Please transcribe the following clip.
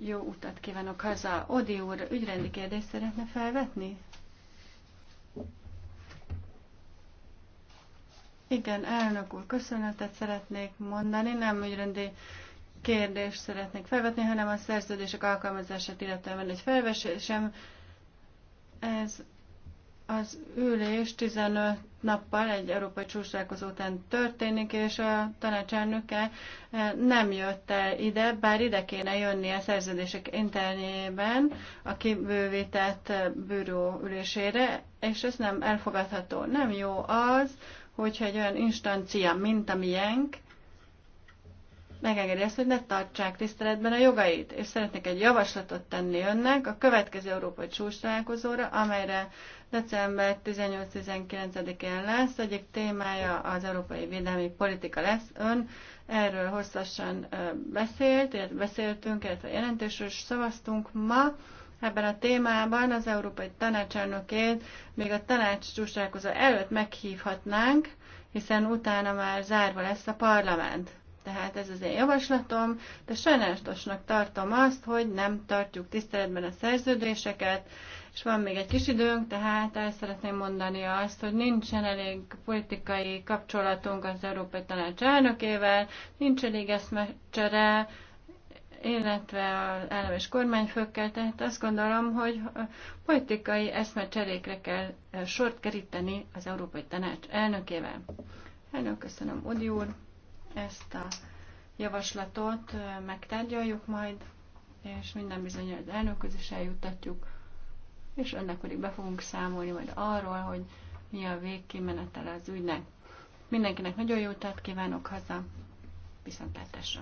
Jó utat kívánok haza. Odi úr, ügyrendi kérdést szeretne felvetni? Igen, elnök úr, köszönetet szeretnék mondani. Nem ügyrendi kérdést szeretnék felvetni, hanem a szerződések alkalmazását illetően egy felvesésem. Ez az ülés 15 nappal egy európai csúcsrákozó után történik, és a tanácselnöke eh, nem jött el ide, bár ide kéne jönni a szerződések internyében a kibővített eh, bűró ülésére, és ez nem elfogadható. Nem jó az, hogyha egy olyan instancia, mint a miénk, megengedi azt, hogy ne tartsák tiszteletben a jogait. És szeretnék egy javaslatot tenni önnek a következő Európai Csúcs találkozóra, amelyre december 18-19-én lesz. Egyik témája az európai védelmi politika lesz. Ön erről hosszasan beszélt, illetve beszéltünk, illetve jelentésről is szavaztunk ma. Ebben a témában az Európai Tanácselnökét még a tanács csúcs előtt meghívhatnánk, hiszen utána már zárva lesz a parlament. Tehát ez az én javaslatom, de sajnálatosnak tartom azt, hogy nem tartjuk tiszteletben a szerződéseket, és van még egy kis időnk, tehát el szeretném mondani azt, hogy nincsen elég politikai kapcsolatunk az Európai Tanács elnökével, nincs elég eszmecsere, illetve az állam és kormányfőkkel, tehát azt gondolom, hogy politikai eszmecserékre kell eh, sort keríteni az Európai Tanács elnökével. Elnök, köszönöm, Odi úr! Ezt a javaslatot megtárgyaljuk majd, és minden bizony az elnökhöz is eljutatjuk, és önnek pedig be fogunk számolni majd arról, hogy mi a végkimenetele az ügynek. Mindenkinek nagyon jó utat kívánok haza, viszontlátásra!